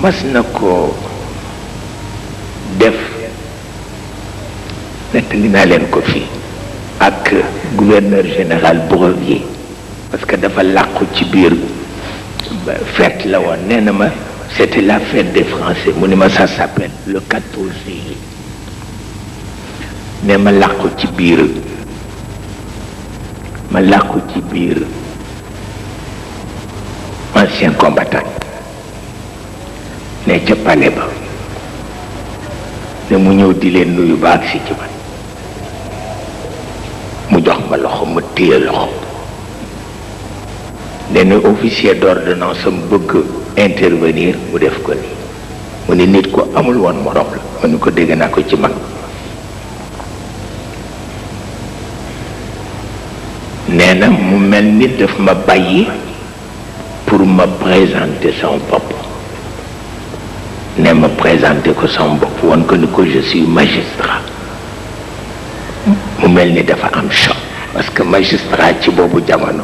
mas na ko def nettali naa leen ko fi ak gouverneur général Bourguier parce que dafa làqu ci biir fête la woon nee na ma c'était la fête des Français mu ni ma ça s'appelle le 14 juillet ne ma làqu ci biir ma làqu ci biir ancien combattant ne ci pané ba ne mu ñëw di leen nuyu ba ci ci man mu jox ma loxo ma tiyé loxo né né officier d'ordonnance am bëgg intervenir mu def ko ni mu ni nit ko amul woon morom la ma ni ko dégg na ko ci man na mu melni def ma bayyi pour ma présenter son bopp ne me présenter que son bopp woon que que je suis magistrat mu melni dafa am choc parce que magistrat ci bobu jamono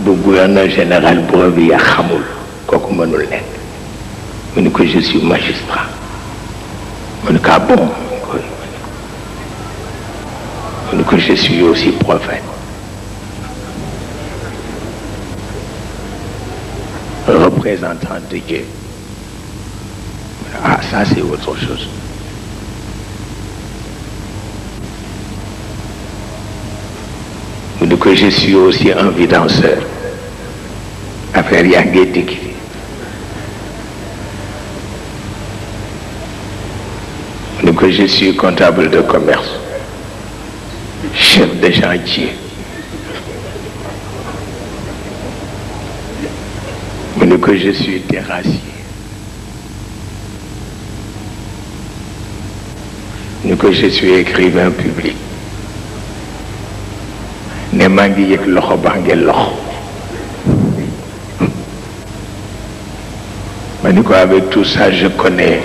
du gouverneur général bureau ya xamul kooku mënul nek mu ni que je suis magistrat mu ne ko ah bon mu ni que je suis aussi prophète représentant de Dieu ah, ça c'est autre chose. que je suis aussi un vidanceur. Affaire Yagétique. que je suis comptable de commerce, chef de chantier. que je suis terrassier. que je suis écrivain public ne maa ngi loxo avec tout ça je connais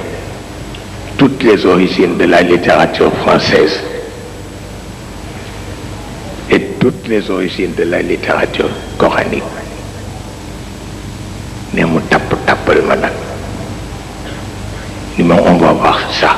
toutes les origines de la littérature française et toutes les origines de la littérature coranique ne mu ma on va voir ça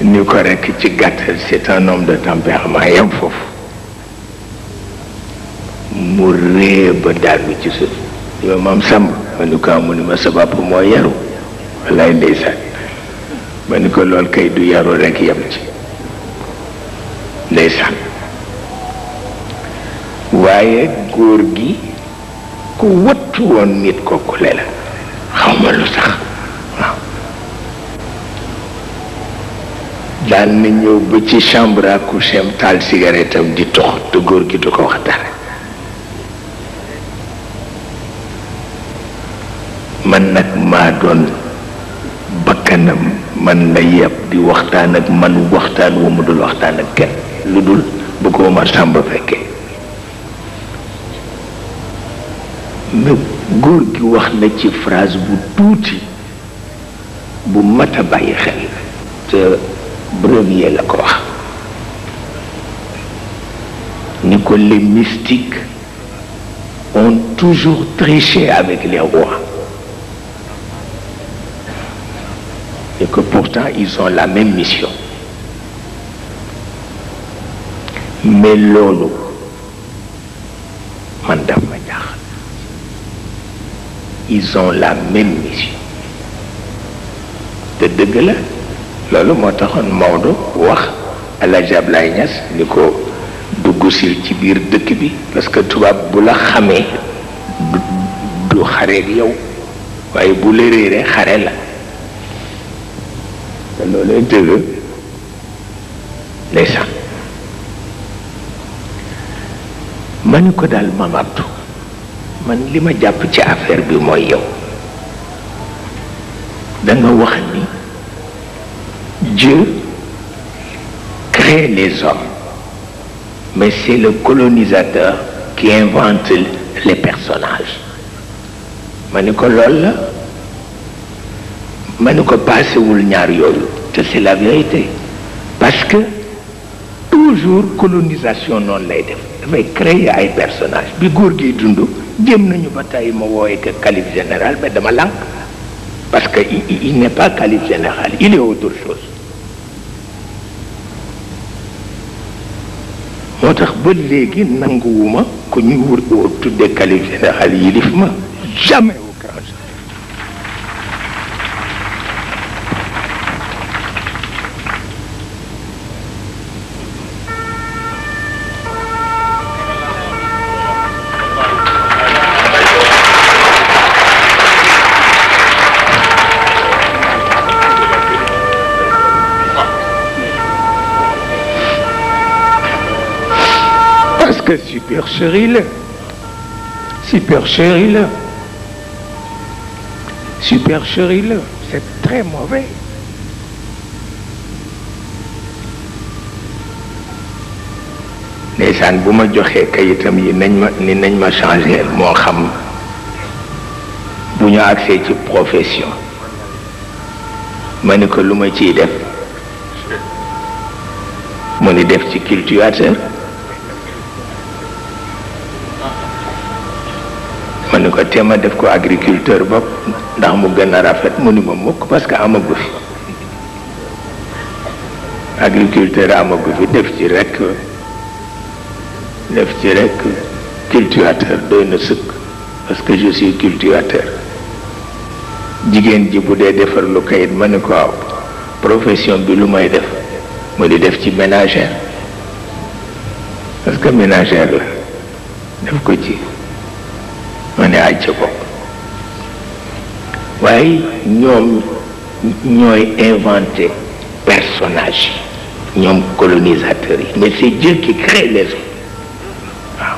ni ko rekk ci gàttal c'est un homme de tempérament yam foofu mu rée ba daanu ci suuf li ma maam sàmb ma ni ko amu ni ma sa bopp moo yaru wallaay ndeysaan ma ni ko lool kay du yaru rekk yam ci ndeysaan waaye góor gi ku wattu woon nit kooku le la xaw ma lu sax daan na ñëw ba ci chambre à coucher am taal cigarette am di tox te góor gi du ko wax dara man nag maa doon bakkanam man la yeb di waxtaan ak man waxtaan wu mu dul waxtaan ak kenn lu dul bu ko Omar Samba fekkee mais góor gi wax na ci phrase bu tuuti bu mat a bàyyi xel te brevier la croix, ni les mystiques ont toujours triché avec les rois et que pourtant ils ont la même mission mais man ils ont la même mission de dégueulasse loolu moo taxoon Maodo wax El Hadj Abdoulaye Niass ni ko dugg sil ci biir dëkk bi parce que tubaab bu la xamee du xareeg yow waaye bu la xare la te loolay dëgg lay sax ma ni ko daal Mame Abdou man li ma jàpp ci affaire bi mooy yow danga wax ni Dieu crée les hommes, mais c'est le colonisateur qui invente les personnages. la c'est la vérité parce que toujours colonisation non laide, mais créer ay personnage calife général mais parce qu'il n'est pas calife général il est autre chose ba léegi nanguwuma ko ñu wër tudde xalif général yilif ma jamais au grand super stérile. Super stérile. Super stérile. C'est très mauvais. ndeysaan bu ma joxee kayitam yi nañ ma ni nañ ma changer moo xam bu ñu accès ci profession ma ni ko lu ma ciy def mu def ci cultivateur ko te ma def ko agriculteur bopp ndax mu gën a rafet mu ni ma mukk parce que amagu fi agriculteur amagu fi def ci rek def ci rekk cultivateur doy na sëkk parce que je suis cultivateur jigéen ji bu dee defar lu kayit ma ni ko aw profession bi lu may def mu di def ci ménagère parce que ménagère la def ko ci Vous voyez, nous ñom ñoy inventé personnage ñom colonisateurs mais c'est Dieu qui crée les hommes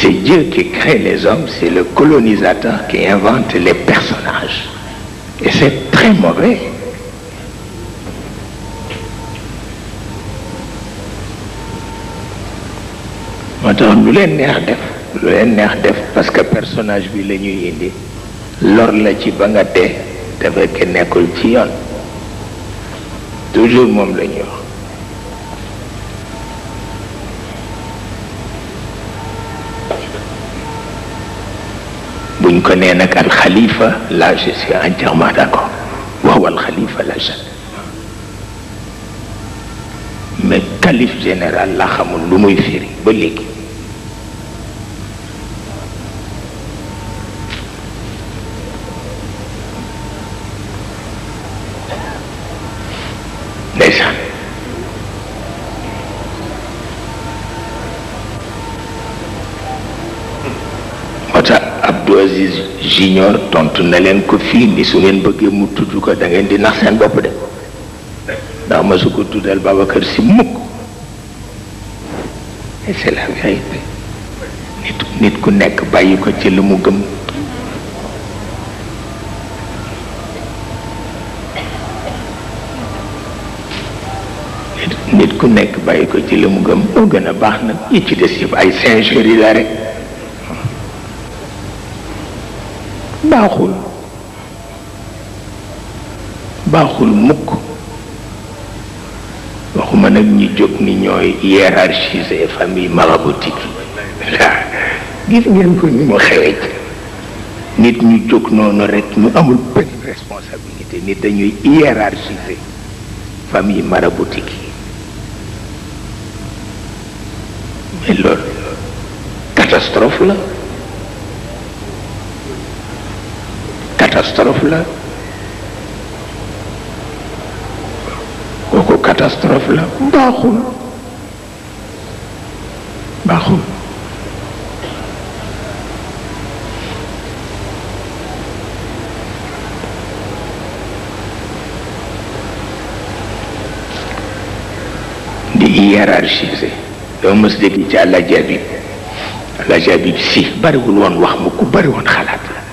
c'est Dieu qui crée les hommes c'est le colonisateur qui invente les personnages et c'est très mauvais moo tax lu leen neex def lu leen neex def parce que personnage bi la ñuy indi lor la ci ba nga dee te fekke nekkul ci yoon toujours moom la ñuy wax buñ ko nee nag al xalifa là je suis entièrement d'accord waaw al xalifa la je mais calife général la xamul lu muy firi ba léegi junior tontu na leen ko fii ni su ngeen bëggee mu tudd ko da di nax seen bopp de ndax ma su ko tuddal Babacar si mukk nit nit ku nekk bàyyi ko ci lu mu gëm nit ku nekk bàyyi ko ci lu mu gëm moo gën a baax nag yi ci des yëpp ay singerie la rek baaxul baaxul mukk waxuma nag ñi jóg ni ñooy hiérarchiser fami maraboutique yi waaw gis ngeen ko ni mu xewee nit ñu jóg noonu rek ñu amul benn responsabilité nit dañuy hiérarchiser fami maraboutique mais loolu catastrophe la catastrophe la kooku catastrophe la baaxul baaxul di hiérarchiser yow mës dégg ci àlla jabib àlla jabib si bariwul woon wax mu ku bari woon xalaat la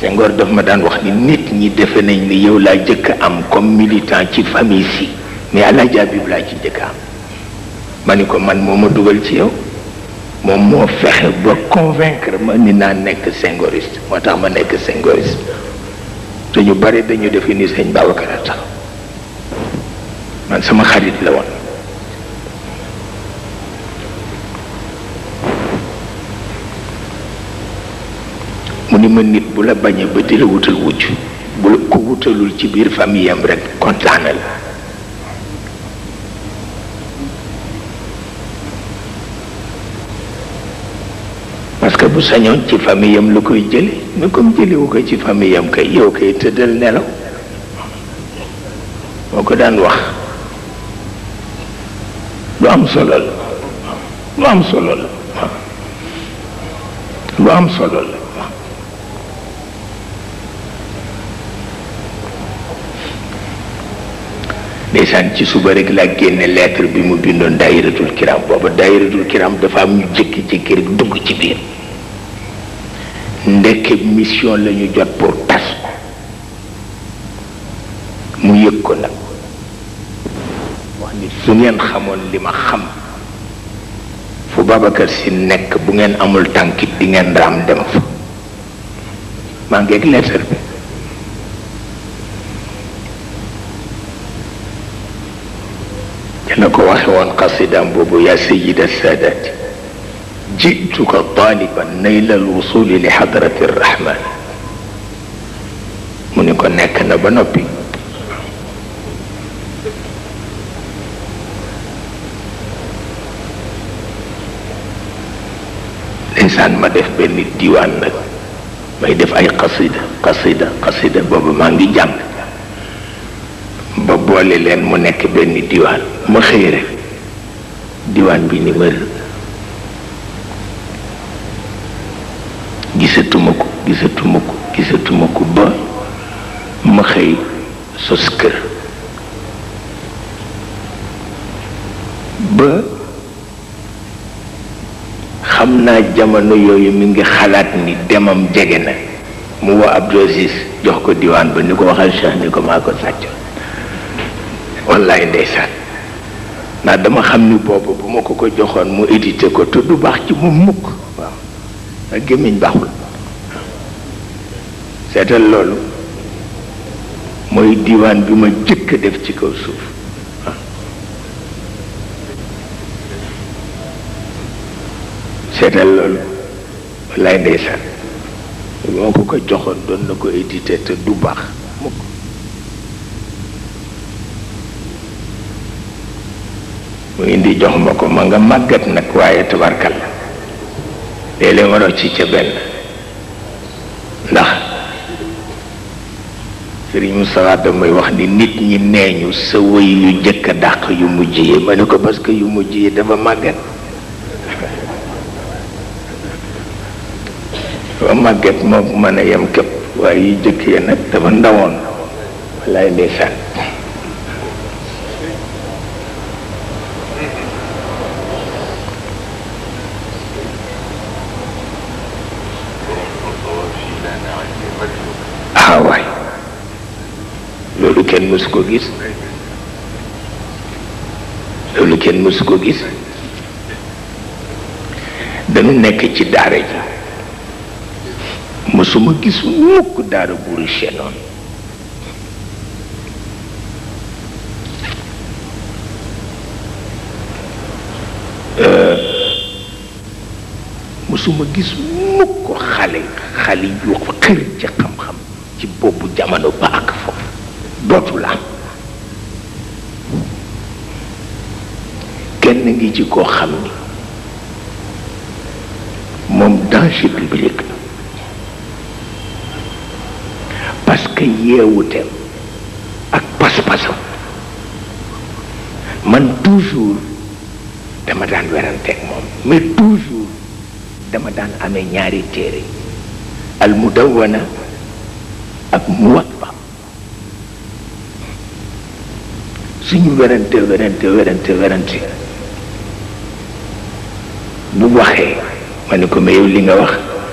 Senghor daf ma daan wax ni nit ñi defe nañ ni yow laa jëkk am comme militant ci famille si mais Alaaji Habib laa ci jëkk am ma ni ko man moo ma dugal ci yow moom moo fexe ba convaincre ma ni naa nekk Senghoriste moo tax ma nekk Senghoriste te ñu bari dañu defe ni sëñ Babacar a tax man sama xarit la woon ma nit bu la bañee ba di la wutal wujj bu la ko wutalul ci biir famille am rek kontaanal parce que bu sañoon ci famille am lu koy jële mais comme jëlewu ko ci famille am kay yow kay tëddal nelaw moo ko daan wax lu am solo la lu am solo la lu am solo la ndeysaan ci suba rek laa génne lettre bi mu bindoon daayiratul kiram booba daayiratul kiram dafa am ñu jékki-jékki rek dugg ci biir ndekke mission la jot pour tas ko mu yëg ko nag wax ni su ngeen xamoon li ma xam fu Babacar si nekk bu ngeen amul tànkit di ngeen raam dem fa maa ngeeg bi ينكو وان قصدا بوبو يا سيد السادات جئتك طالبا نيل الوصول لحضرة الرحمن منيكو ناكا نبنبي الانسان ما دف بين الديوان ما يدف اي قصيدة قصيدة قصيدة بابا مانجي جامد ba boole leen mu nekk benn diwaan ma xëy rek diwaan bi ni mër gisatuma ko gisatuma ko gisatuma ko ba ma xëy sos kër ba xam naa jamono yooyu mi ngi xalaat ni demam jege na mu woo Abdou Aziz jox ko diwaan ba ni ko waxal Cheikh ni ko maa ko sàccoon wallaay ndeysaan ndax dama xam ni boobu bu ma ko ko joxoon mu édité ko te du baax ci mu mukk waaw ak gémmiñ baaxul seetal loolu mooy diwaan bi ma jëkk def ci kaw suuf seetal loolu wallaay ndeysaan bu ma ko ko joxoon doon na ko édité te du baax mu indi jox ma ko ma nga màggat nag waaye tabarkal la léeg-léeg ma rocc ca benn ndax sëriñ Moussa damay wax ni nit ñi nee ñu sa wëy yu njëkk dàq yu mujj yi ma ko parce yu mujj yi dafa màggat dafa màggat moom mën a yem képp waaye yu njëkk ya nag dafa ndawoon wallaay ndeysaan kenn mësu ko gis loolu kenn mësu ko gis dañu nekk ci daara ji mësuma gis mukk daara bu riche noonu euh, mësuma gis mukk xale xale yu xër ci xam-xam ci boobu jamono ba ak dootul am kenn ngi ci koo xam ni moom danger public la yeewuteem ak pas-pasam man toujours dama daan weranteeg moom mais toujours dama daan amee ñaari téere ak mu ak muwatta suñu werante werante werante bu waxee ma ne ko mais li nga wax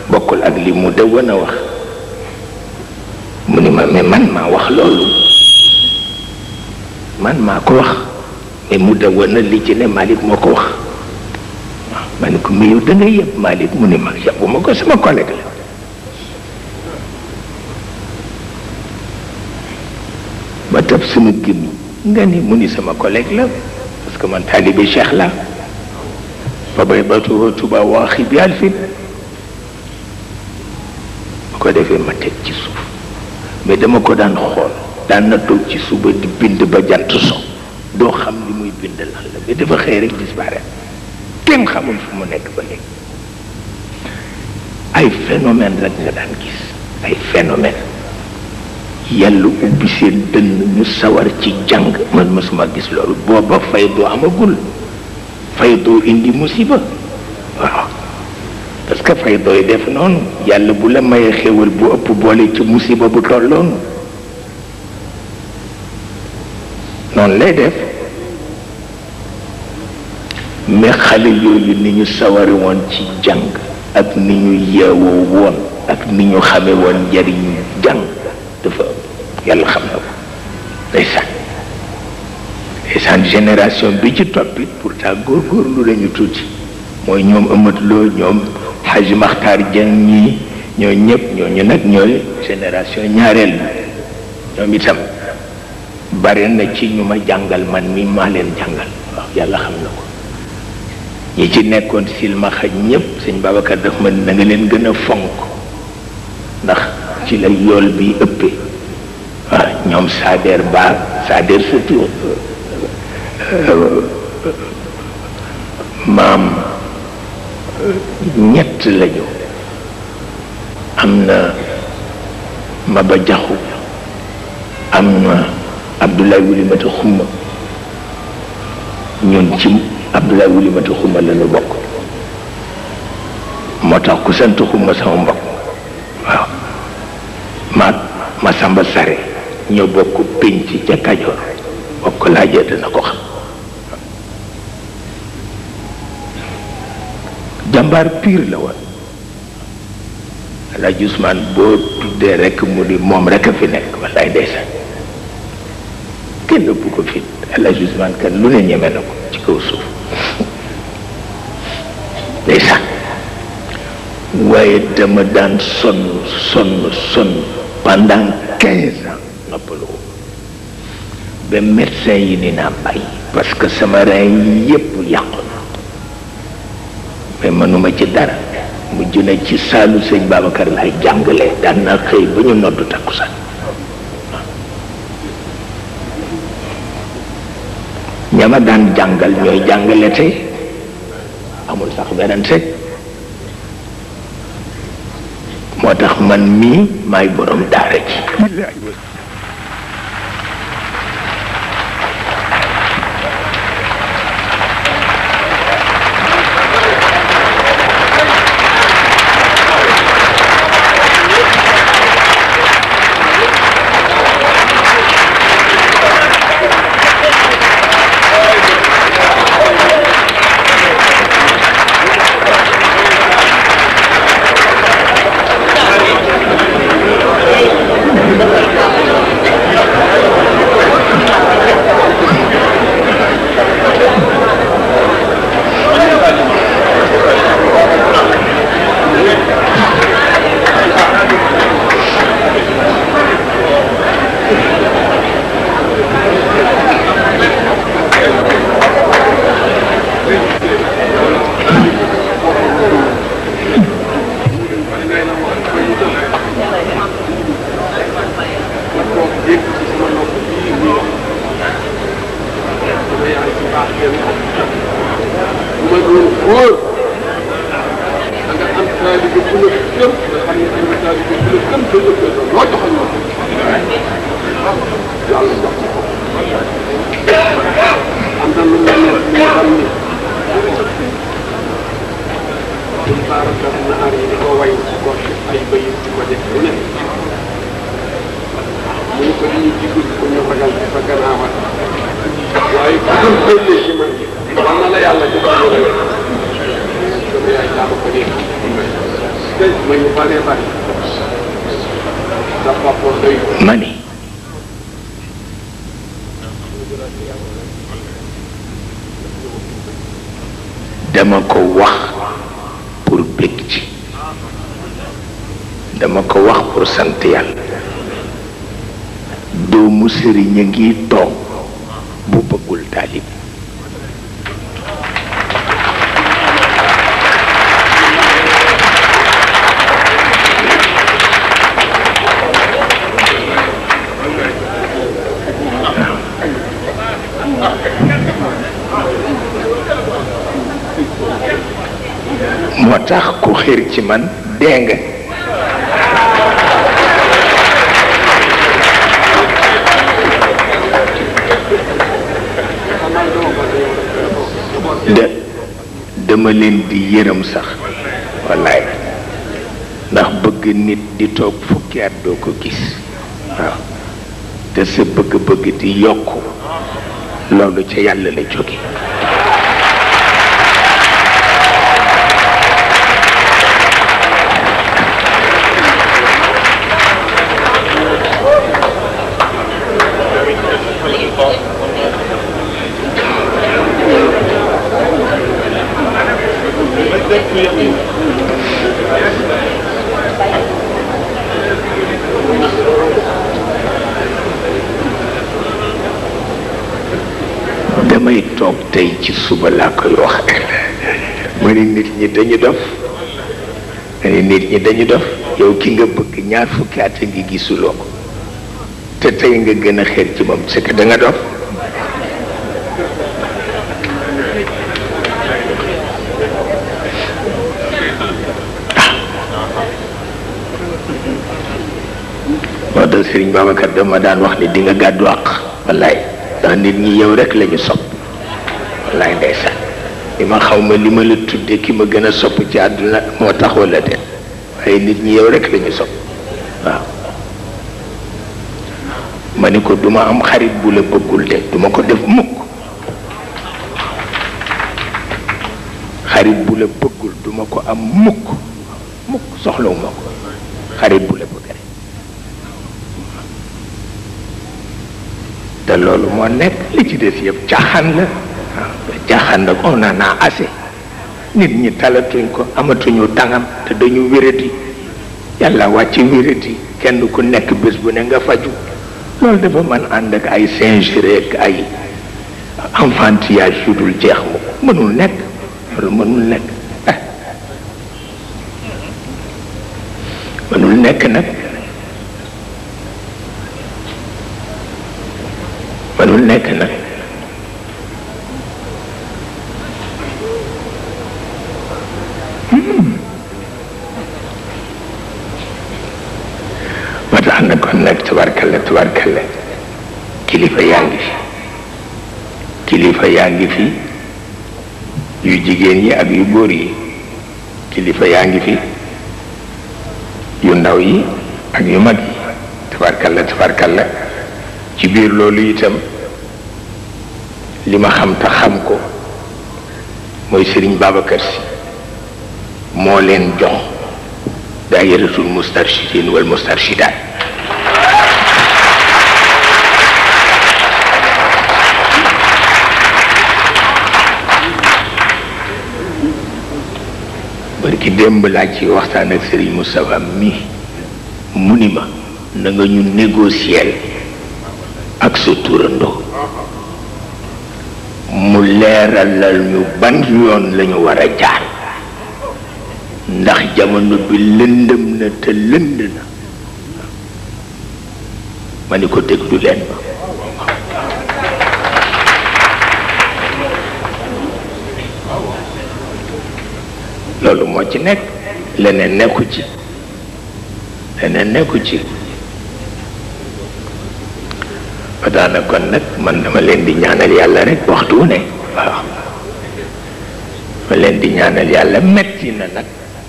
bokkul ak li mu dëwën a wax mu ni ma mais man maa wax loolu man maa ko wax mais mu dëwën a li ci ne Malick moo ko wax ma ne ko mais yow yëpp Malick mu ni ma yàppu ma ko sama collègue la ba tab sama gémmiñ nga ni mu ni sama collègue la parce que man talibé cheikh la fa bay batu tuba wa khibi alfin ko defé ma tek ci souf mais dama ko dan xol dan na tok ci souba di bind ba jant so do xam li muy bind la la mais dafa xey rek disparaître kenn xamul fu mu nek ba nek ay phénomène rek nga dan gis ay phénomène yàlla ubbi seen dënn ñu sawar ci jàng man mësuma gis loolu booba faydu amagul faydu indi musiba waaw parce que faydu def noonu yàlla bu la mayee xéwal bu ëpp boole ci musiba bu tolloonu noonu lay def mais xale yooyu ni ñu sawari woon ci jàng ak ni ñu yeewoo woon ak ni ñu xame woon njariñ jàng dafa yàlla xam na ko ndeysaan ndeysaan génération bi ci toppit pourtant góorgóorlu lañu tuuti mooy ñoom ëmmat loo ñoom xaj maxtaar jën ñii ñoo ñëpp ñu nag ñooy génération ñaareel bi ñoom itam bare na ci ñu ma jàngal man mi maa leen jàngal waaw yàlla xam na ko ñi ci nekkoon silmaxa ñëpp sëñ Babacar daf ma na nga leen gën a fonk ndax ci la yool bi ëppee waaw ñoom Sader Ba Sader surtout maam ñett lañu am na Maba Jaxu am na Abdoulaye Wulimata Xumma ñun ci Abdoulaye Wulimata Xumma la bokk moo tax ku sant Xumma sama mbokk waaw ma ma Samba Sare ñoo bokk pénc ca kajoor boo ko laajee dana ko xam jàmbaar piir la woon Alaaji Usmaan boo tuddee rekk mu ni moom rekk a fi nekk wallaay ndeysaan kenn bu ko fit Alaaji Usmaan kan lu ne ñeme na ko ci kaw suuf ndeysaan waaye dama daan sonn sonn sonn pendant quinze noppaloo ba médecin yi ni naa bàyyi parce que sama rein yi yépp yàqu na mais mënuma ci dara mujj na ci saalu sëñ Babacar lay jàngale daan naa xëy ba ñu noddu takkusaan ñama daan jàngal ñooy jàngale tey amul sax werante moo tax man mii maay borom daara ji Deng, de dama len di yeeram sax wallahi ndax bëgg nit di tok fukki at do ko gis waaw te sa bëgg-bëgg di yokku loolu ci yàlla la jóge tey ci suba laa koy ni ñi dañu dof nit ñi dañu dof ki nga ñaar fukki at ngi te tey nga gën a xeer ci moom c'est que da nga dof moo tax Sëriñ Babacar dama daan wax ni di nga gàddu wallaay ndax nit ñi yow rek lañu sopp li ma xaw ma li ma la tudde ki ma gën a sopp ci àdduna moo tax wala de waaye nit ñi yow rek lañu sopp waaw ma ni ko duma am xarit bu la bëggul duma ko def mukk xarit duma ko am mukk mukk soxlawuma ko xarit bu la bëgg rek te loolu moo nekk li ci des yëpp caaxaan la ànd ak on en nit ñi talatuñ ko amatuñu tàngam te dañu wéradi yàlla wàcc wéradi kenn du ku nekk bés bu ne nga faju loolu dafa mën ànd ak ay singerie ak ay enfantillage yu dul jeex mu mënul nekk loolu nekk mënul nekk nag mënul nekk nag yaa ngi fi yu jigéen yi ak yu góor yi kilifa yaa ngi fi yu ndaw yi ak yu mag yi tabarkalla tabarkalla ci biir loolu itam li ma xam te xam ko mooy sëriñ Babacar si moo leen jox daayiratul mustarshidin wal mustarshidaat ci démb laa ci waxtaan ak Serigne Moustapha mu ni ma na nga ñu négocier ak sa turandoo mu leeralal ñu ban yoon la war a jaar ndax jamono bi lëndëm na te lënd na ma ni ko déglu leen ma loolu moo ci nekk leneen nekku ci leneen nekku ci ba daana kon nag man dama leen di ñaanal yàlla rekk waxtu wu ne waaw ma leen di ñaanal yàlla metti na nag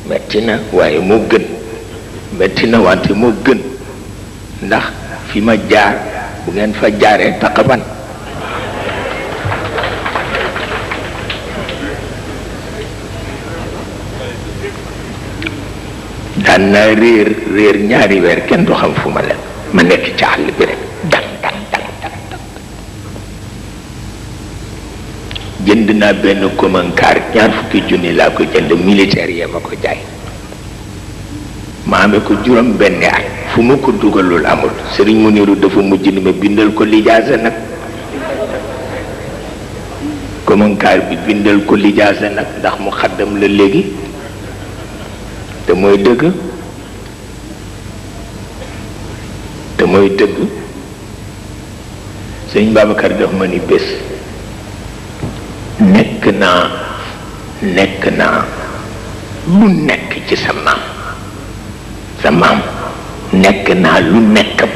metti na waaye moo gën metti na wante moo gën ndax fi ma jaar bu ngeen fa jaaree taqaban daan naa réer réer ñaari weer kenn du xam fu ma la ma nekk ci bi rek dan dan dan dan jënd naa benn komankaar ñaar fukki junni laa ko jënd militaire yee ma ko jaay ma amee ko juróom benn at fu ma ko dugalul amul sëriñ mu niru dafa mujj ni ma bindal ko lijaasa nag komankaar bi bindal ko lijaasa nag ndax mu xaddam la léegi te mooy dëgg te mooy dëgg sëñ Babacar daf ma ni bés nekk naa nekk naa lu nekk ci sa maam sa maam nekk naa lu nekkam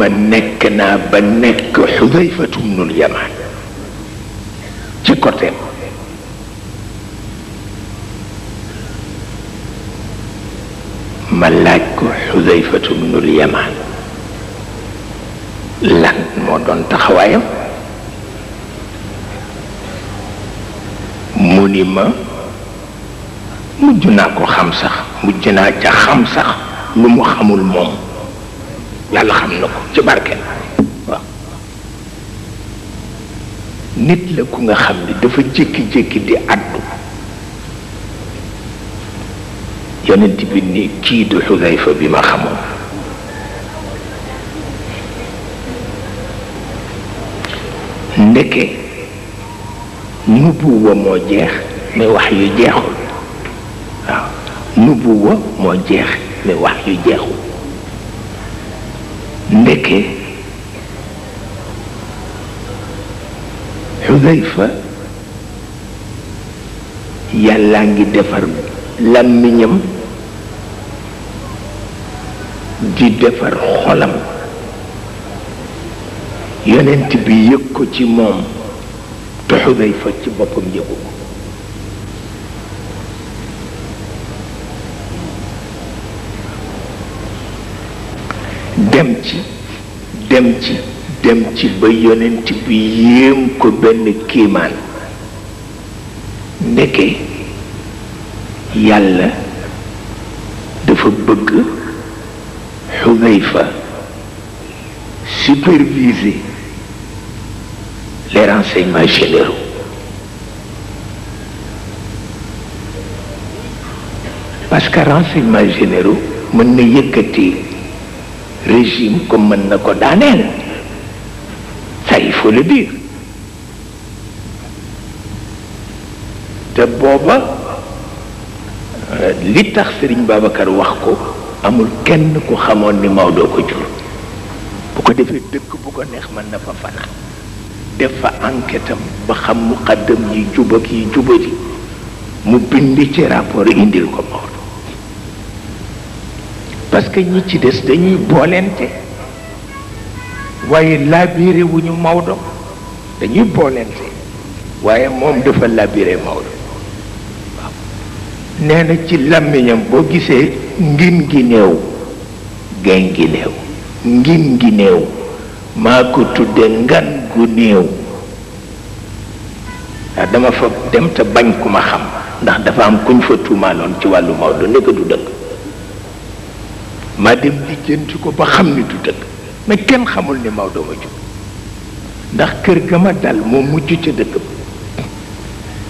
من نكنا بنك حذيفة بن اليمن تكرتين ملاك حذيفة بن اليمن لن مدن تخوايم منيما مجناكو خمسة مجناكو خمسة نمو خمو yàlla xam na ko ci barke waaw nit la ku nga xam ni dafa jékki-jékki di addu yonent bi ni kii du xudayfa bi ma xamoon ndeke nubuwa moo jeex mais wax yu jeexul waaw nubuwa moo jeex mais wax yu jeexul ndeke xudayfa yàllaa ngi defar làmmiñam di defar xolam yonent bi yëg ko ci moom te xudayfa ci boppam yëgu ko dem ci dem ci dem ci ba yonent bi yéem ko benn kiimaan ndeke yàlla dafa bëgg superviser les renseignements généraux parce que renseignements généraux mën na yëkkati régime comme mën na ko daaneel ça il te booba euh, li tax sëriñ Babacar wax ko amul kenn ku xamoon ni Maodo ko jur bu ko defee dëkk bu ko neex mën na fa fanaan def fa enquête ba xam muqaddam yi jubak yi jubati mu bind ci rapport indil ko Maodo parce que ñi ci des dañuy boolente waaye labiré wu ñu Maodo dañuy boolente waaye moom dafa labiré Maodo waaw nee na ci làmmiñam boo gisee ngin gi néew gayn gi néew ngin gi néew maa ko tudde ngan gu néew ndax dama fa dem te bañ ku ma xam ndax dafa am kuñ fa tuumaaloon ci wàllu Maodo nekk du dëkk maa dem lijjanti ko ba xam ni du dëgg mais kenn xamul ni Maodo ma jub ndax kër ga ma dal moo mujj ca dëkk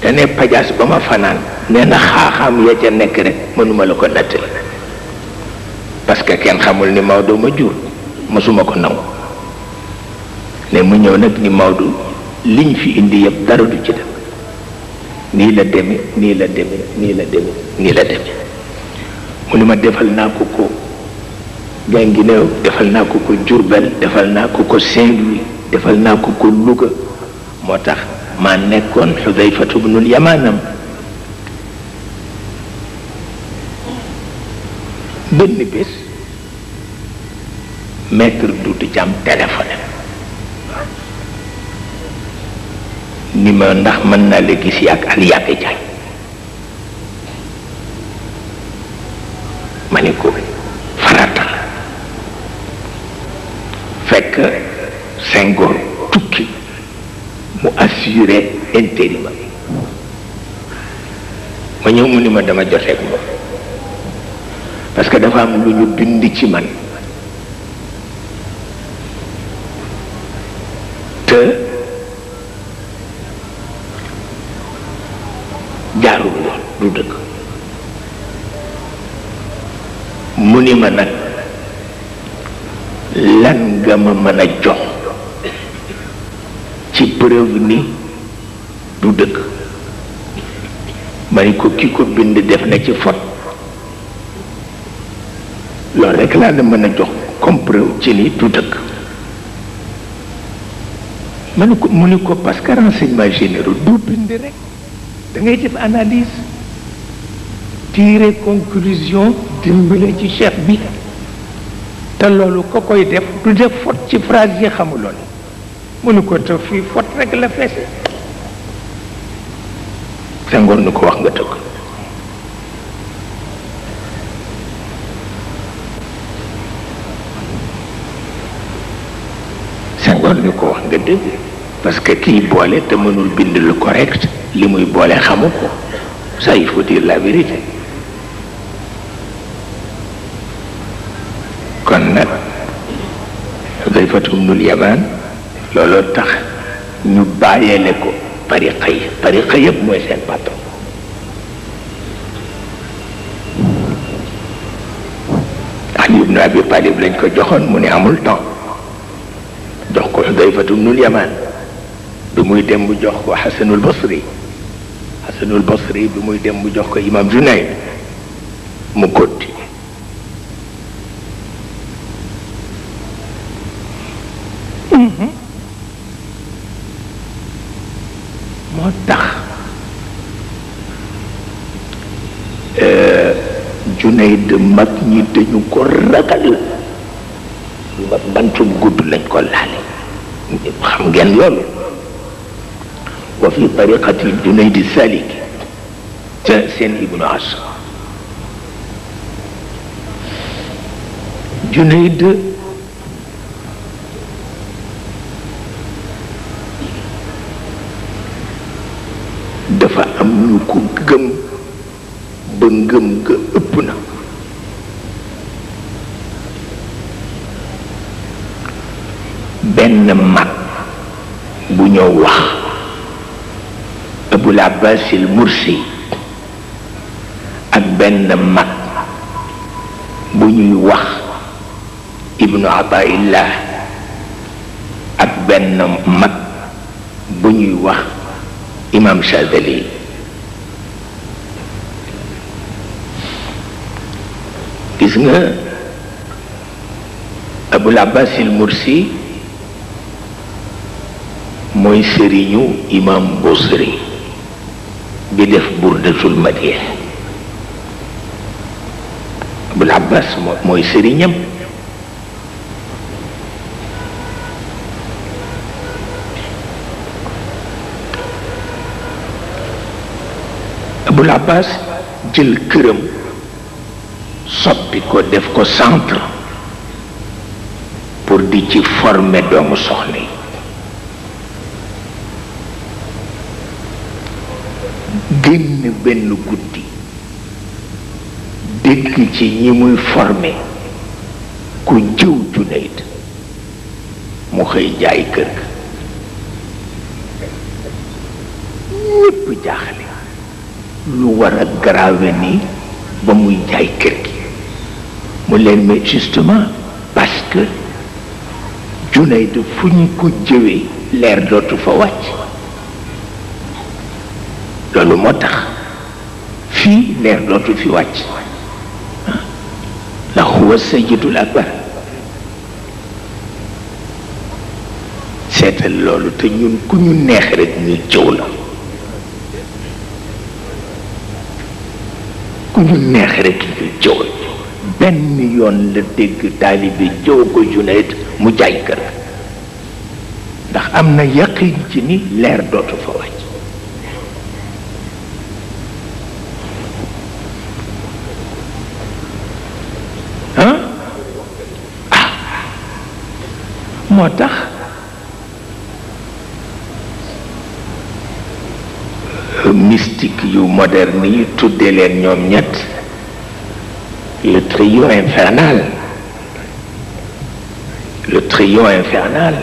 ba te pajaas ba ma fanaan nee na xaaxaam ya ca nekk rek mënuma la ko nettali parce que kenn xamul ni Maodo ma jur mësuma ko nangu ne mu ñëw nag ni Maodo liñ fi indi yëpp dara du ci dëkk nii la deme nii la deme nii la deme nii la deme mu ni ma defal naa ko Guinguinéo defal na ko ko jurbel defal na ko ko saint defal na ko ko Louga motax ma nekkon nekkoon ibn al-yamanam benn bes maître du jàmm téléphone ni ma ndax man na le gis yak fekk Senghor tukki mu assuré intérim ma ñëw mu ni ma dama joteeg moom parce que dafa am lu ñu bind ci man te jaarul du dëkk mu ni ma nag lan nga ma mën a jox ci preuve ni du dëgg ma ni ko ki ko bind def na ci fot loolu rek laa la mën a jox comme preuve ci ni du dëgg ma ni ko mu ni ko parce que renseignement généraux du bind rek da ngay def analyse tirer conclusion dimbale ci chef bi te loolu ko koy def du def fot ci phrase yi xamuloon mënu ko te fii foot rek la feese sengoor nu ko wax nga tëgg sengoor nu ko wax nga parce que kiy boole te mënul bind lu correct li muy boole xamu ko ça il faut dire la vérité xudayfatu bnul yamaan looloo tax ñu bàyyeele ko tariqa yi tariqa yëpp mooy seen patron ali ibnu abi talib lañ ko joxoon mu ne amul temps jox ko xudayfatu bnul yamaan bi muy dem mu jox ko xasanul basri xasanul basri bi muy dem mu jox ko imam junayd mu kotti mag ñi dañu ko ragal bantum gudd lañ ko laale xam ngeen loolu wa fi tariqati Junayd Salik te seen ibnu Asra Junayd dafa am ñu ko gëm ba ngëm nga ëpp na benn mag bu ñëw wax abul mursi ak benn mag bu ñuy wax ibnu abaillah ak benn mag bu ñuy wax imam shadali gis nga abul abbasil mursi moy sëriñu imam bosri bi def burdatul madiya abul abbas moy serignam abul abbas jël kërëm soppi ko def ko centre pour di ci former doomu soxna yi génn benn guddi dëkk ci ñi muy formé ku jëw Junayd mu xëy jaay kër ga ñépp jaaxle lu war a grave nii ba muy jaay kër gi mu leen mais justement parce que fu ñu ko jëwee leer dootu fa wàcc lolu motax fi leer dootul fi wàcc la huwa sayidul akbar seetal loolu te ñun ku ñu neex rek ñu jëw la ku ñu neex rek ñu jëw benn yoon la dégg taalibe jëw ko junayd mu jaay kër ndax am na yaqin ci ni leer dootu fa wàcc moo mystique yu moderne yi tuddee leen ñoom le trio infernal le trio infernal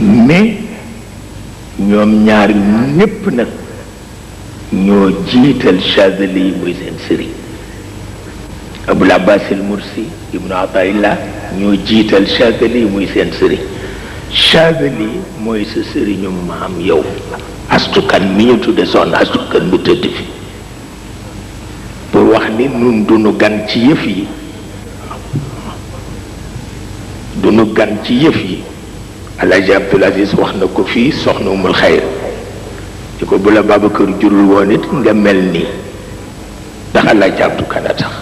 mais ñom ñaar ñépp nak ñoo jiital Chazali muy série sëriñ Abul Abbas el Mursi ibnu ataillah ñoo jiital Chaadili muy seen sëriñ Chaadili mooy sa sëriñu am yow astukan mi ñu tudde soxna astukan bu tëdd fi pour wax ni nun du gan ci yëf yi du gan ci yëf yi alaaji abdul aziz wax na ko fii soxna umul xayr di ko bu la Babacar jurul woon it nga mel nii ndax alaaji abdu kan a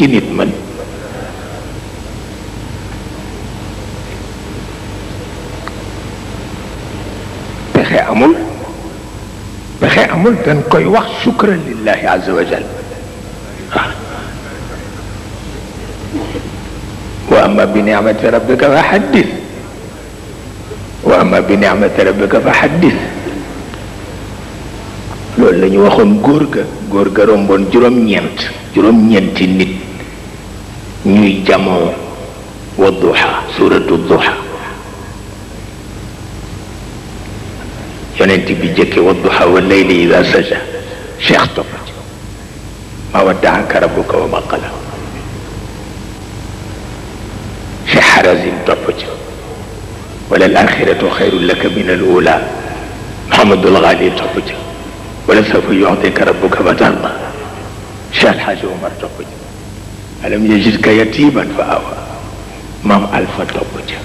ci nit man pexe amul pexe amul dañ koy wax shukra lillahi azza wa jal wa amma bi ni'mati rabbika fa haddith wa amma bi ni'mati rabbika fa haddith loolu la ñu waxoon góor ga góor ga romboon juróom-ñeent juróom-ñeenti nit ñuy jamoo wa duha suratu duha yonent bi jëkke wa duha wa leyli ida saja cheikh topp ma waddaaka rabuka wa maqala cheikh harazim topp ci wala al axiratu xayru laka min al ula mahamadul ghali topp ci wala sawfa yuxdika rabuka fatarda cheikh alhaji omar topp ci alam yajidka yatiman fa awa maam alfa topp ca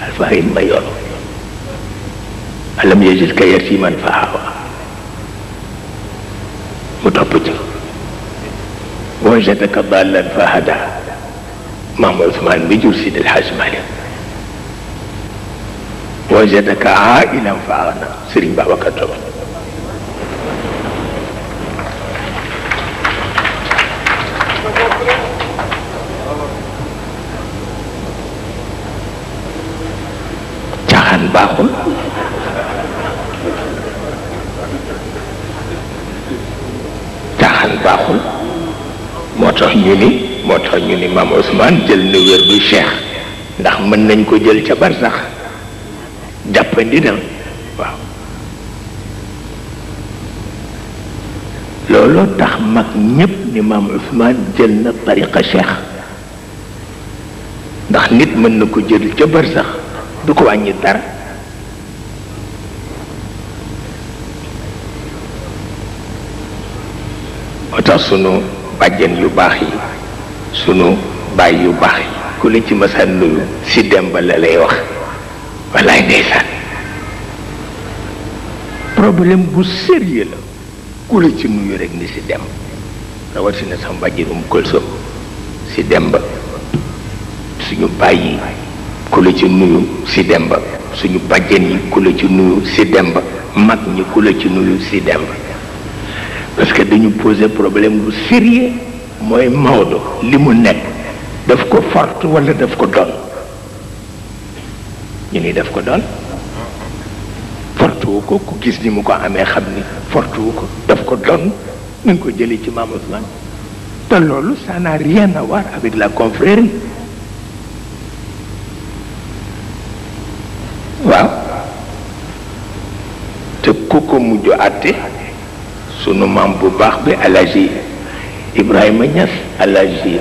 alfa xëy ma yor alam yajidka yatiman fa awa mu topp ca wajadaka dallan fa hada maam Ousmane bi jur Sidi El Hadj Malick wajadaka ailan fa agna Serigne Babacar Touré Ini ni ini tax ñu ni maam Ousmane jël na wër bu cheikh ndax mën nañ ko jël ci bar sax waaw lolo tax mag ñep ni mam Ousmane jël na tariqa cheikh ndax nit mën na ko jël ci bar nah. du ko wañi dara sunu bàjjen yu sunu bàyyi yu baax yi ku la ci masaan nuyu si demba la lay wax walaay ndeysaan problème bu sérieux la ku la ci nuyu rek ni si demb rawatina sama bàjjirum këlsëm si demba suñu bàyyi ku la ci nuyu si demba suñu bàjjen yi ku la ci nuyu si demba mag ñi ku la ci nuyu si demba parce que dañu poser problème bu sérieux mooy Maodo li mu nekk daf ko fort walla daf ko doon ñu ni daf ko doon fortuwu ko ku gis ni mu ko amee xam ni fortuwu ko daf ko doon ñu ngi ko jëlee ci maam Ousmane te loolu ça n'a rien avec la confrérie waaw te ku ko mujj àtte sunu maam bu baax bi alaji Ibrahima Niass Alaaji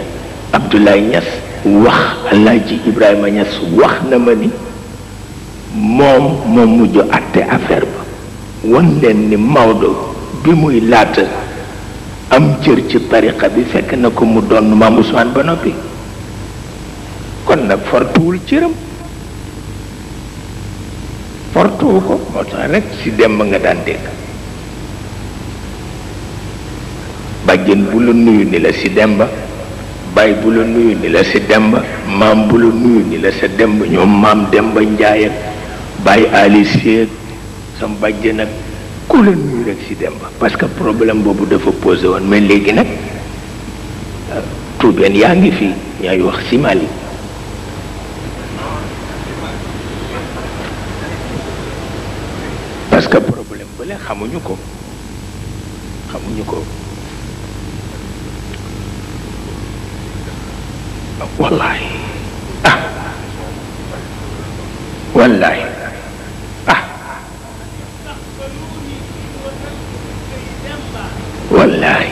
Abdoulaye Niass wax Alaaji Ibrahima Niass wax na ma ni moom moo mujj àtte affaire ba wan leen ni Maodo bi muy laata am cër ci tariqa bi fekk na ko mu doon maam ba noppi kon nag fortuwul cëram fortuwu ko moo tax rek si dem nga daan dégg bajen bulu nuyu ni la si demba bay bulu nuyu ni la si demba mam bulu nuyu ni la sa demba ñom mam demba njaay bay ali seeg sam bajje nak ku la nuyu rek si demba parce que problème bobu dafa posé won mais légui nak euh, tuubeen yaa fi ñay wax si mali parce que problème bele xamuñu ko xamuñu ko wallaay ah wallaay ah wallaay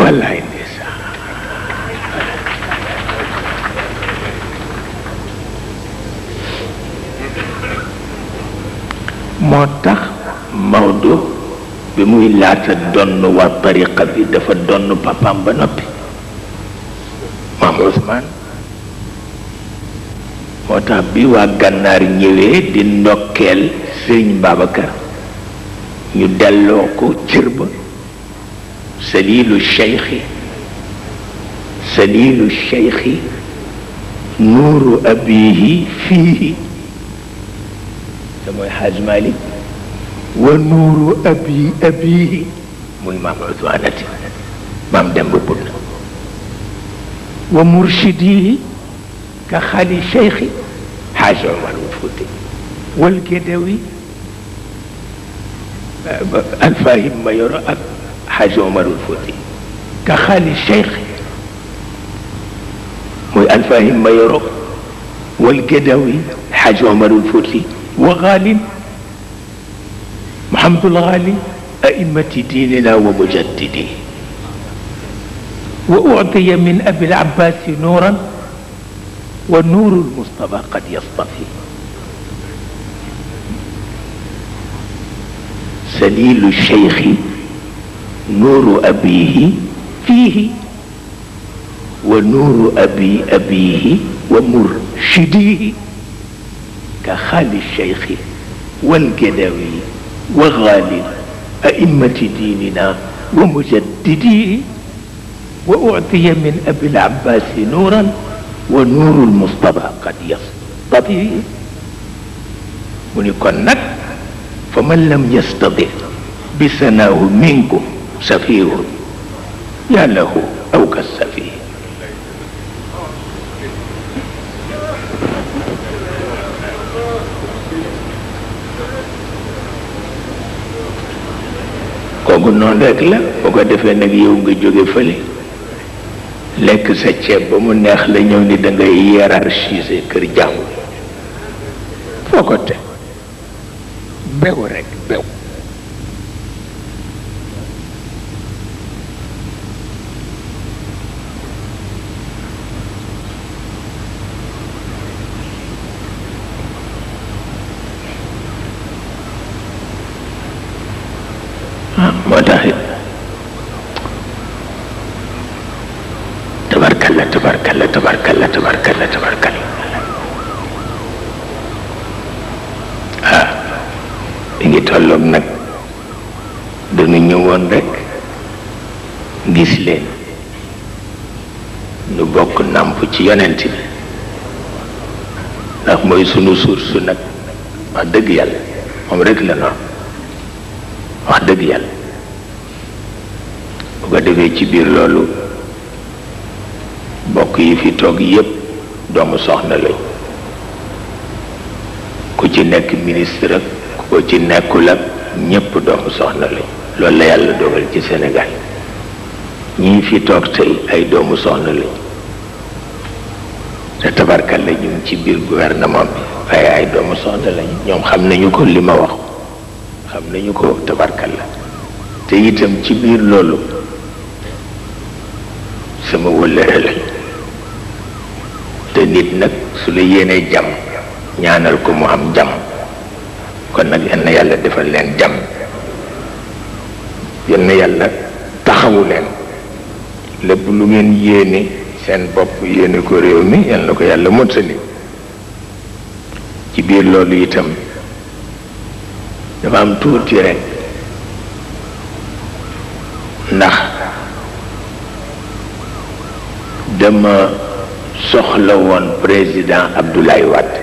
wallaay ndeysaan moo tax بمو لا دون والطريقة في دفا دون بابام بنوبي مام عثمان موتا بي واغنار نيوي دي نوكيل سيرين بابكر ني دالوكو تيرب سليل الشيخ سليل الشيخ نور ابيه فيه سموي حاج مالك ونور أبي أبيه من مام عدوانتي مام دم بنا ومرشديه كخالي شيخي حاج عمر وفوتي والكدوي الفاهم ما يرى حاج عمر الفوتي كخالي شيخي الفاهم ما يرى والكدوي حاج عمر الفوتي وغالب الحمد الغالي أئمة ديننا ومجدده وأعطي من أبي العباس نورا والنور المصطفى قد يصطفي سليل الشيخ نور أبيه فيه ونور أبي أبيه ومرشديه كخال الشيخ والجدوي وغالب أئمة ديننا ومجدديه وأعطي من أبي العباس نورا ونور المصطفى قد يستطيع ونكنك فمن لم يستطع بسناه منكم سفير يا له أو كالسلام kooku noonu la boo ko defee nag yow nga jóge fële lekk sa ceeb ba mu neex la ñëw ni da ngay hiérarchiser kër jàngu foo ko teg bew rek waaw ah, moo taxit tabarkalla tabarkalla tabarkalla tabarkalla tabarkalla ah li ngi tolloog nag dañu ñëwoon rek gis leen nu bokk nàmp ci yonent bi ndax mooy sunu suur su nag wax dëgg yàlla moom rek la noonu dëgg yàlla bu ko defee ci biir loolu bokk yi fi toog yépp doomu soxna lañ ku ci nekk ministre ak ku ci nekkul ak ñépp doomu soxna lañ loolu la yàlla dogal ci senegal ñii fi toog tey ay doomu soxna lañ te tabarkal la ci biir gouvernement bi waaye ay doomu soxna lañ ñoom xam nañu ko li ma wax am nañu ko tabarkalla te itam ci biir loolu sama wëllëre la te nit nag su la yéenee jàmm ñaanal ko mu am jàmm kon nag yenn yàlla defal leen jàmm yenn yàlla taxawu leen lépp lu ngeen yéene seen bopp yéene ko réew mi yal ko yàlla mot sa ci biir loolu itam dafa am tuuti rek ndax dama soxla woon président Abdoulaye Wade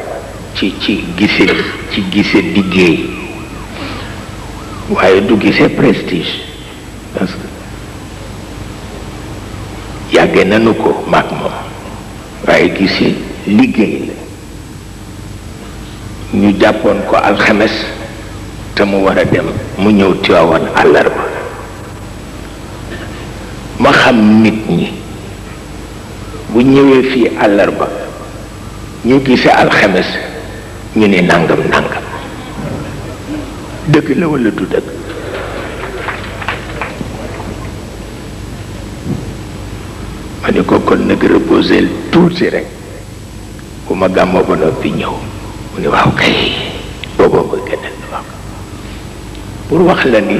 ci ci gise ci gise liggéey waaye du gise prestige parce yàgge nanu ko maag moom waaye gise liggéey la ñu jàppoon ko alxemes te mu war a dem mu ñëw tiwaawan àllarba ma xam nit ñi bu ñëwee fii àllarba ñu gisee alxemes ñu ne nangam nangam dëgg la walla du dëgg ma ne ko kon nag reposel tuuti rek bu ma gàmmoo ba noppi ñëw mu ne waaw kay booba ma gënal pour wax la ni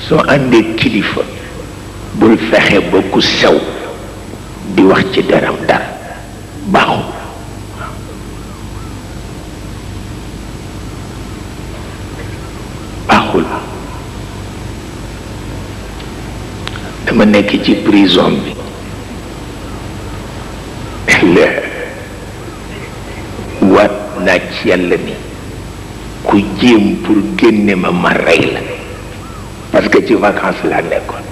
soo àndee kilifa bul fexe ba ku sew di wax ci deram dar baaxu baaxul dama nekk ci prison bi waat naa ci yàlla ni ku jéem pour génne ma ma rey la parce que ci vacances laa nekkoon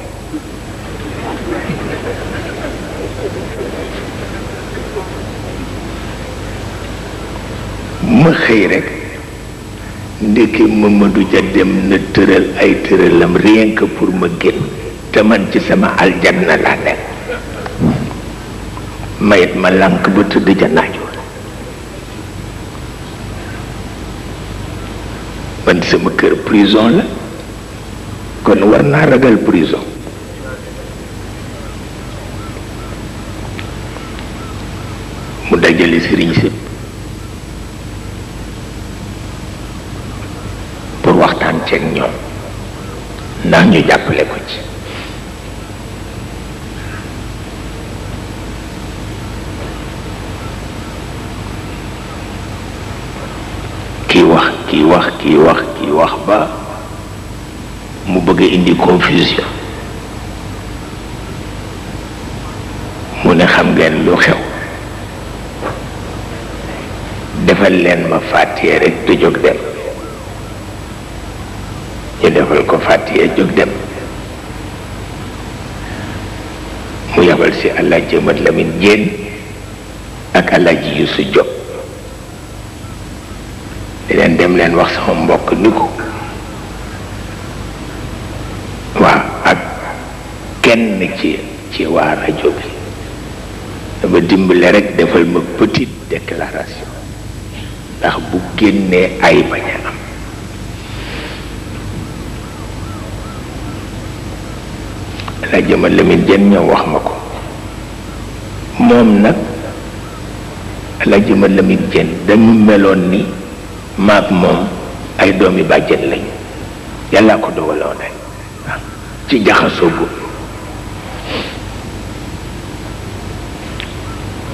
ma xëy rek ndeke Mamadou Dia dem na tëral ay tëralam rien pour ma génn te man ci sama aljanna laa nekk mayet ma lànk ba tëdd ja man sama kër prison la kon war naa ragal prison mu dajale sëriñ si pour waxtaan ceeg ñoom ndax ñu jàppale ko ci wax kii wax kii wax ba mu bëgg indi confusion mu ne xam ngeen lu xew defal leen ma fàttiyee rek te jóg dem ñu defal ko fàttiyee jóg dem mu yabal si àllaaji Mat Lamin Jéen ak àllaaji Yuusu Jóob leen dem leen wax sama mbokk ni ko waaw ak kenn ci ci waa rajo bi dama dimbale rek defal ma petite déclaration ndax bu génnee ay bañ a am la jëma Lamine jën ñoo wax ma ko moom nag la jëma Lamine jën dañu meloon ni maag moom ay doomi bàjjen lañ yàlla ko dogaloon rek ci jaxasoo boobu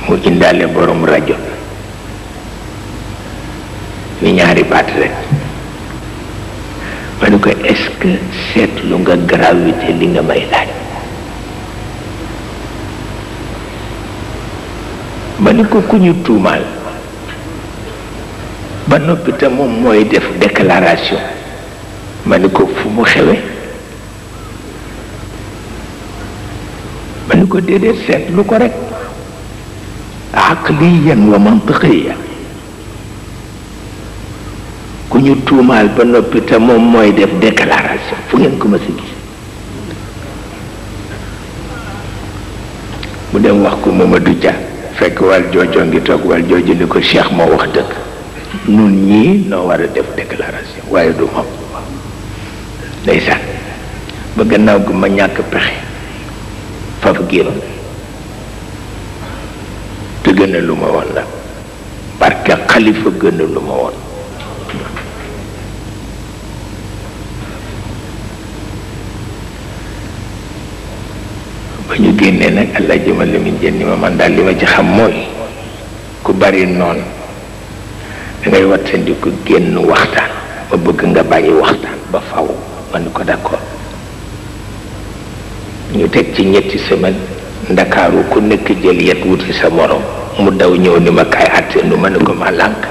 mu indaale borom rajo ni ñaari baat rek ma ne ko est-ce que seetlu nga gravité li nga may laaj ma ko ku ñu tuumaal ba noppi te moom mooy def déclaration ma ni ko fu mu xewe ma ni ko déedéet lu ko rek aqliyan wa mantiqiya ku ñu tuumaal ba noppi moom mooy def déclaration fu ngeen ko ma si gis mu dem wax ko moom a du Dia fekk wal joojo ngi toog wal jooju ni ko Cheikh moo wax dëgg nun ñii noo war a def déclaration waaye du moom ndeysaan ba gannaaw gi ma ñàkk pexe faf giiram te gën a lu ma woon nag parce que xalifa gën lu ma woon ba ñu génnee nag allah jëmal li mu jënd ma man daal li ma ci xam mooy ku bari noonu ngay wattandiku génn waxtaan ma bëgg nga bàyyi waxtaan ba faw ma ni ko d'accord ñu teg ci ñetti semaine ndakaaru ku nekk jël yet wuti sa morom mu daw ñëw ni ma kaay àtteenu ma ni ko ma lànk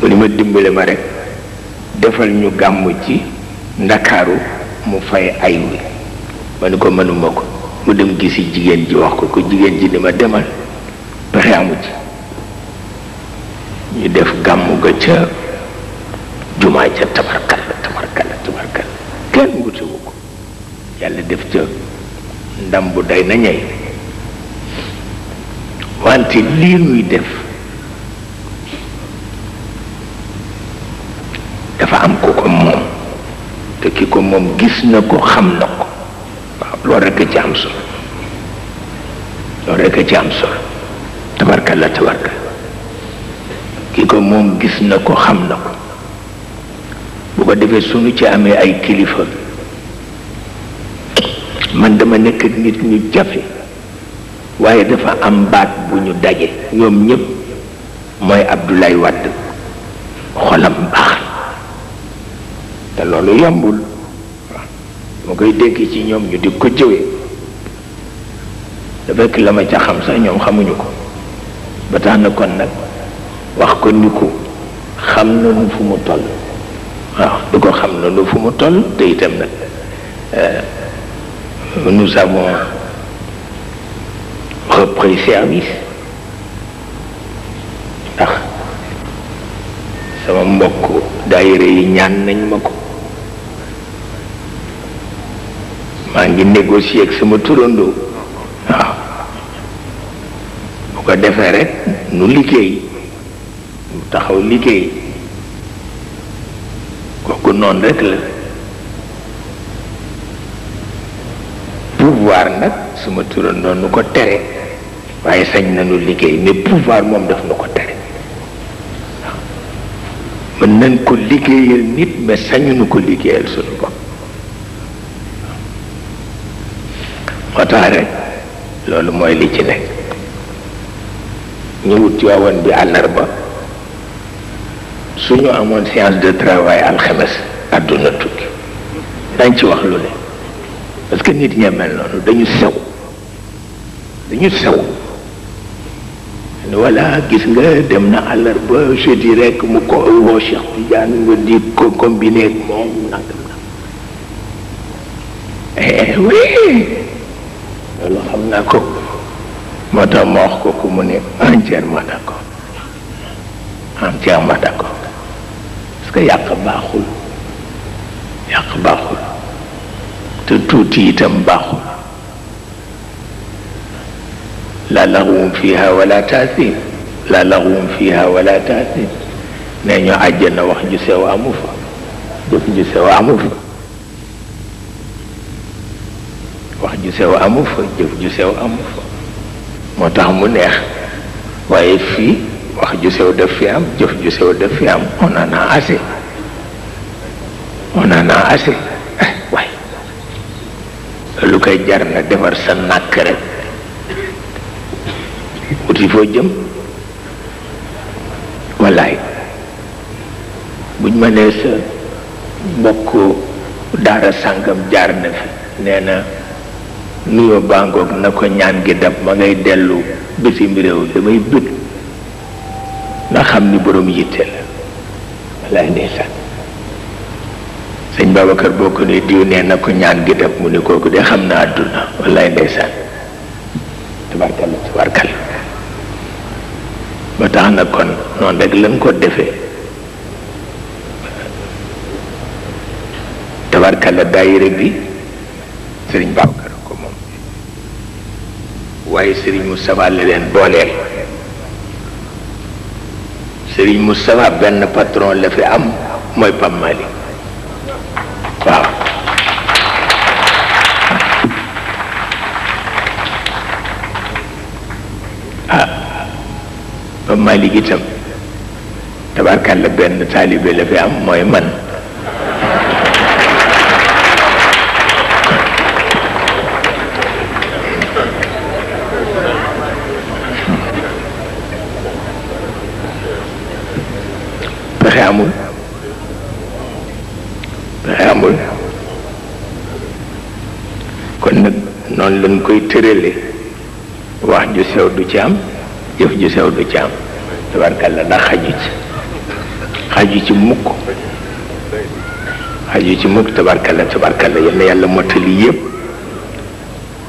mu ni ma dimbale ma rek defal ñu gàmm ci ndakaaru mu fay ay wi man ko manuma ko mu dem gisi jigen ji wax ko ko jigen ji dama demal pexe amu ci ñu def kala. ga ca juma ca tabarkal tabarkal tabarkal kenn wutewu ko yalla def ca ndam bu day na ñay wanti li def dafa am ko ko mom te kiko ko gis na ko xam na ko لورك جامسون loolee ka ci am solo tabarkalla tabarka ki ko moom gis na ko xam na ko bu ko defee sunu ci amee ay kilifa man dama nekk nit ñu jafe waaye dafa am baat bu ñu daje ñoom ñëpp mooy abdoulaye wadd xolam baax te ma koy dégg ci ñoom ñu di ko jëwee da fekk la ma ca xam sax ñoom xamuñu ko ba tax na kon nag wax ko ni ko xam nañu fu mu toll waaw du ko xam nañu fu mu toll te itam nag euh, nous avons repris service ndax sama mbokk daayira yi ñaan nañ ma ko maa ngi négocier ak suma turandoo waaw bu ko defee rek nu liggéey nu taxaw liggéey kooku noonu rek la pouvoir nag sama turandoo nu ko tere waaye sañ na liggéey mais pouvoir moom daf nu ko tere waaw mën nañ ko liggéeyal nit mais sañu nu ko liggéeyal sunu bopp fataare loolu mooy li ci nekk ñëwut Tiwaawan bi àllarba su ñu amoon séance de travail alxames àdduna tukki dañ ci wax lu ne parce que nit ñe mel noonu dañu sew dañu sew voilà gis nga dem na àllarba jeudi rek mu ko woo Cheikh Tidiane nga di ko combiné ak moom nangam na eh, oui loolu xam naa ko moo tax ma wax ko ku mu ne entièrement d' accord entièrement d' accord parce que yàq baaxul yàq baaxul te tuuti itam baaxul la laxwum fiha wala taasim la laxwum fiha wala taasim nee ñu àjjana wax ju sew amu fa jëf ju sew amu fa ju sew amu fa jëf ju sew amu fa moo tax mu neex waaye fii wax ju sew daf fi am jëf ju sew daf fi am on en a assez on en a eh, waaye lu koy jar na defar sa nàkk rek wuti foo jëm wallaay buñ ma nee sa mbokk daara sàngam jaar na fi nee nuyoo bànkook na ko ñaan gi dab ma ngay dellu bisim réew damay bit na xam ni borom yitte la walaay ndeysaan sëñ Babacar boo ko ne diw nee na ko ñaan gi mu ni kooku de xam na àdduna walaay ndeysaan tabarkal tabarkal ba tax na ko tabarkal la daayira bi sëriñ Babacar waaye sëriñ Moustapha la leen booleel sëriñ Moustapha benn patron la fi am mooy Pam Mali waaw ah Pam Mali itam tabarkalla benn taalibe la fi am mooy man koy tërale wax ju sew du ci am jëf ju sew du ci am la ndax xaju ci xaju ci mukk xaju ci mukk tabarkàlla tabarkàlla la na yàlla mottali yépp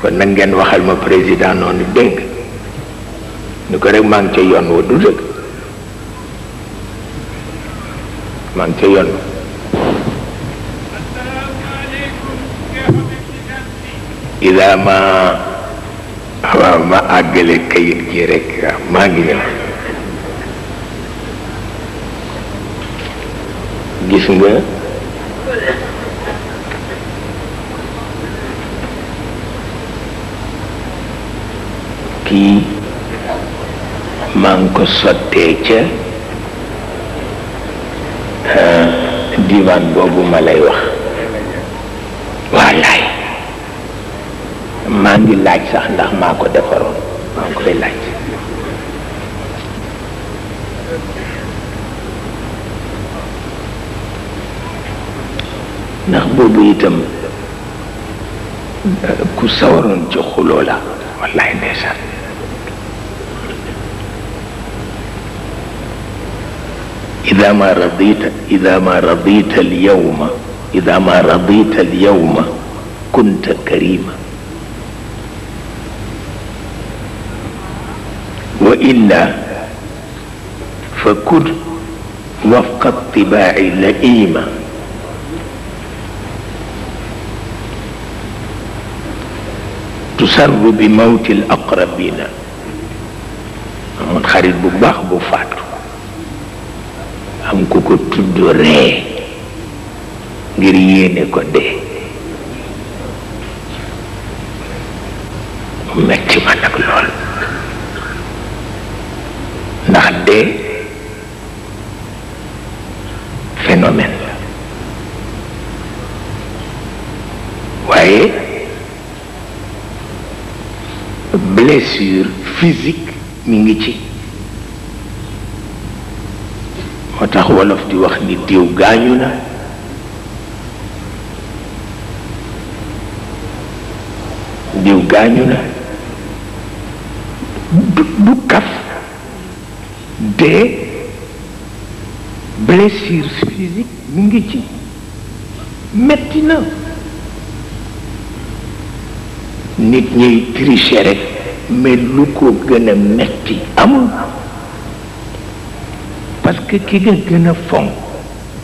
kon nag ngeen waxal ma président noonu dégg ni ko rek maa ngi ca yoon wa du dëgg maa ca yoon ila ma waaw ma àggale kayit gi ma waaw maa ngi ñëw gis nga kii maa ko wax maa ngi laaj sax ndax maa ko defaroon maa ngi koy laaj ndax boobu itam ku sawaroon ci xuloo la wallaay ndeysaan إذا ما رضيت إذا ما رضيت اليوم إذا ما رضيت اليوم كنت كريما وإلا فكن وفق الطباع اللئيمة تسر بموت الأقربين من خارج بباخ بفاتر أم كوكو تدو ري جريني كده أمتي ما نقلول àddee phénomène la waaye blessure physique mi ngi ci moo tax wolof di wax ni diw gaañu na diw gaañu na du du kaf te blessure physique mi ngi ci metti na tricher mais lu ko gën a metti amul parce que ki nga gën a fonk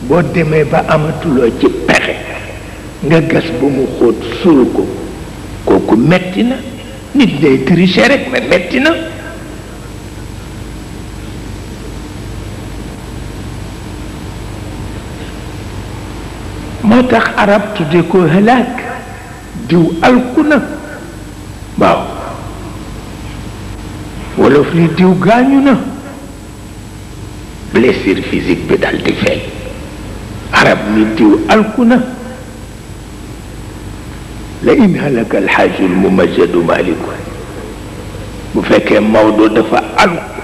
boo demee ba amatuloo ci pexe nga gas ba mu xóot suul ko kooku metti na nit day tricher rek mais metti na motax arab tudde ko helak diw alkuna na waaw wolof ni diw gaañu na blessure physique bi dal di feeñ arab ni diw alkuna la in halak al haj al mumajjad malik bu fekke mawdo dafa alku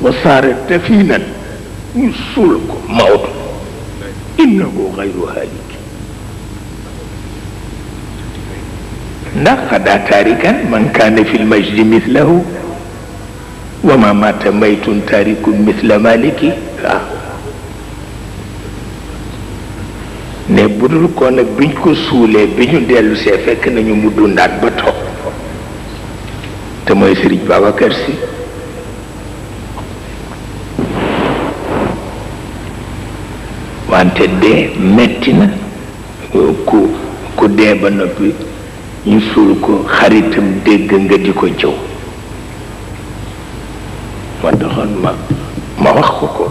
wa saarat tafinan ñu suul ko mawdo innahu xayru haaliki ndax xadaa taarikan man kaana fi lmajdi mislahu wa ma mata maytun taarikun misla maliki ne bu dul ko nag biñ ko suulee bi ñu dellu fekk nañu mu dundaat ba toog te mooy Sëriñ Babacar Si wante dee metti na ku ku dee ba noppi ñu suul ko xaritam dégg nga di ko jëw ma doxoon ma ma wax ko ko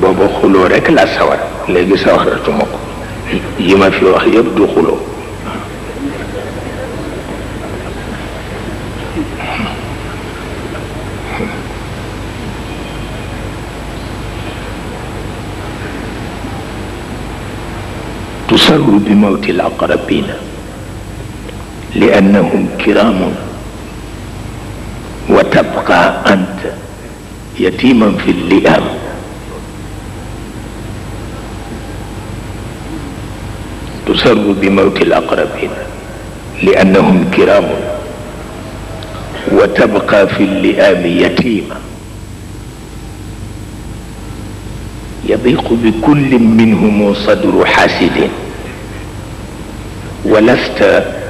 booba xuloo rekk laa sawar léegi sawaratuma ko yi ma fi wax yëpp du xuloo تسر بموت الأقربين لأنهم كرام وتبقى أنت يتيما في اللئام تسر بموت الأقربين لأنهم كرام وتبقى في اللئام يتيما يضيق بكل منهم صدر حاسد ولست